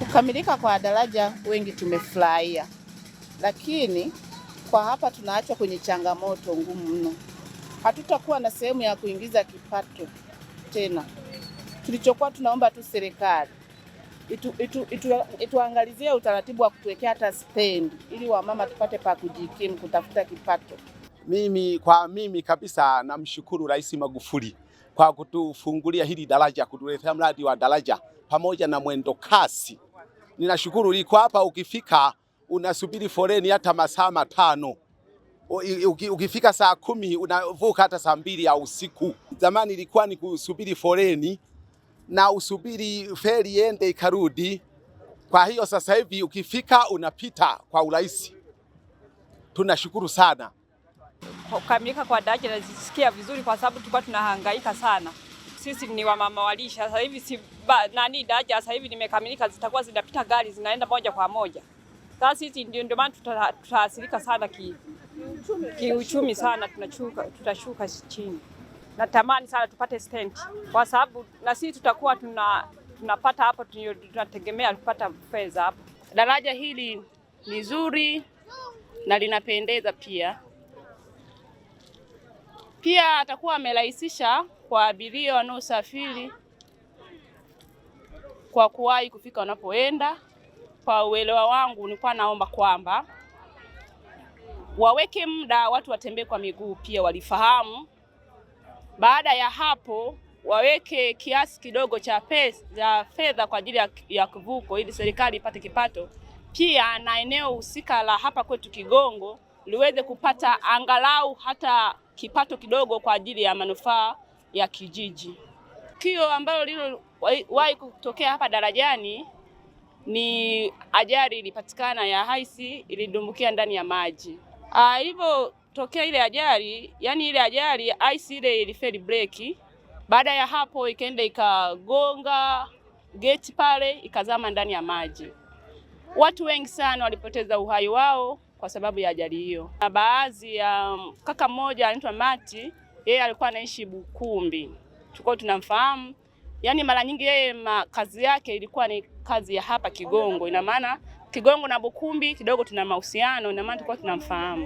Kukamilika kwa daraja wengi tumefurahia, lakini kwa hapa tunaachwa kwenye changamoto ngumu mno. Hatutakuwa na sehemu ya kuingiza kipato tena. Tulichokuwa tunaomba tu serikali itu, itu, itu, ituangalizie utaratibu wa kutuwekea hata stendi ili wamama tupate pa kujikimu kutafuta kipato. Mimi kwa mimi kabisa namshukuru Rais Magufuli kwa kutufungulia hili daraja, kutuletea mradi wa daraja pamoja na mwendo kasi ninashukuru liko hapa. Ukifika unasubiri foreni hata masaa matano, ukifika saa kumi unavuka hata saa mbili ya usiku. Zamani ilikuwa ni kusubiri foreni na usubiri feri ende ikarudi. Kwa hiyo sasa hivi ukifika unapita kwa urahisi. Tunashukuru sana kukamilika kwa daraja. nazisikia vizuri kwa sababu tulikuwa tunahangaika sana sisi ni wamama walisha. Sasa hivi si ba, nani daraja sasa hivi limekamilika, zitakuwa zinapita gari zinaenda moja kwa moja. Sasa sisi ndio ndio maana tutaathirika sana ki kiuchumi sana, tunachuka tutashuka chini. Natamani sana tupate stendi, kwa sababu na sisi tutakuwa tuna tunapata hapo, tunategemea kupata fedha hapo. Daraja hili ni zuri na linapendeza pia. Pia atakuwa amerahisisha kwa abiria wanaosafiri kwa kuwahi kufika wanapoenda. Kwa uelewa wangu, nilikuwa naomba kwamba waweke muda watu watembee kwa miguu pia walifahamu. Baada ya hapo, waweke kiasi kidogo cha pesa fedha kwa ajili ya kivuko, ili serikali ipate kipato pia na eneo husika la hapa kwetu Kigongo liweze kupata angalau hata kipato kidogo kwa ajili ya manufaa ya kijiji. Tukio ambalo wahi kutokea hapa Darajani ni ajali ilipatikana ya haisi ilidumbukia ndani ya maji. Ah, ilivyotokea ile ajali, yani ile ajali haisi ile ilifeli breki, baada ya hapo ikaenda ikagonga geti pale, ikazama ndani ya maji. Watu wengi sana walipoteza uhai wao kwa sababu ya ajali hiyo. Na baadhi ya um, kaka mmoja anaitwa Mati, yeye alikuwa anaishi Bukumbi, tulikuwa tunamfahamu. Yaani mara nyingi yeye kazi yake ilikuwa ni kazi ya hapa Kigongo, ina maana Kigongo na Bukumbi kidogo tuna mahusiano, ina maana tulikuwa tunamfahamu.